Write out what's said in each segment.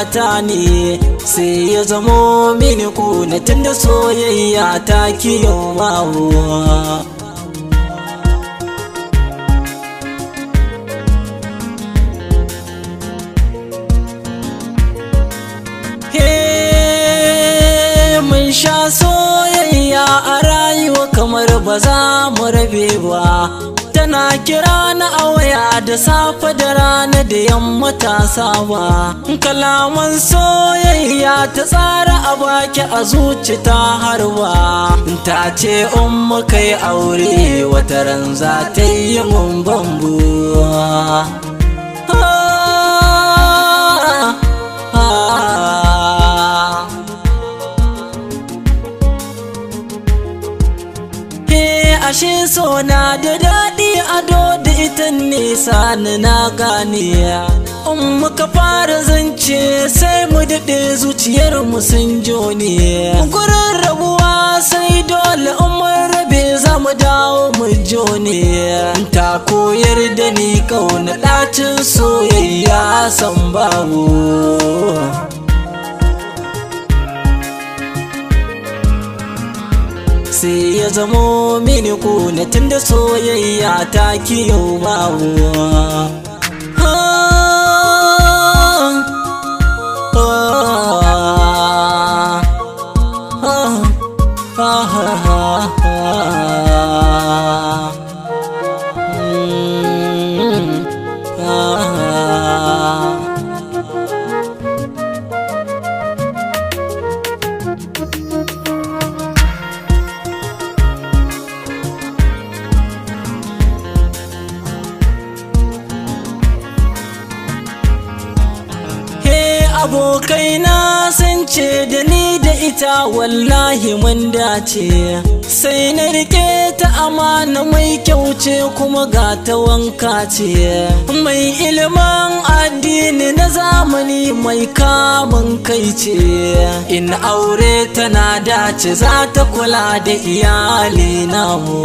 mata ne sai ya zamo mini kuna tunda soyayya ta kiyo mawa ba za mu rabe ba tana kira na awaya da safe da rana da yamma ta sawa kalaman soyayya ta tsara a baki a zuci ta harwa ta ce in muka yi aure ran za ta yi mun bambuwa ashe so na da daɗi ado da ita nesa na na gane in muka fara zance sai mu daɗe zuciyar mu sun joni. gurin rabuwa sai dole umar rabe za mu dawo mu joni ta koyar da ni kauna ɗacin soyayya san babu sai ya zamo mini na tunda soyayya ta kiyo bawo ha ha ha ha abokaina sun ce da ni da ita wallahi mun dace sai na rike ta amana mai kyau ce, kuma ga ta wanka ce mai ilimin addini na zamani mai kamun kai ce in aure tana dace za ta kula da iyali namu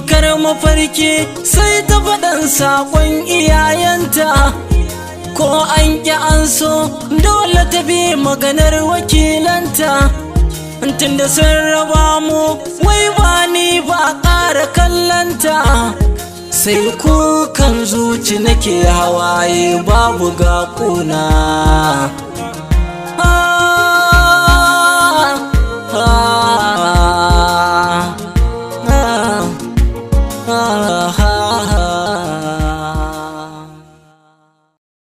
tamkar mafarki sai ta faɗan saƙon iyayenta ko an ƙi an so dole ta bi maganar wakilanta tunda sun raba mu wai ba ni ba ƙara kallanta sai kukan zuci nake hawaye babu ga ƙuna 啊。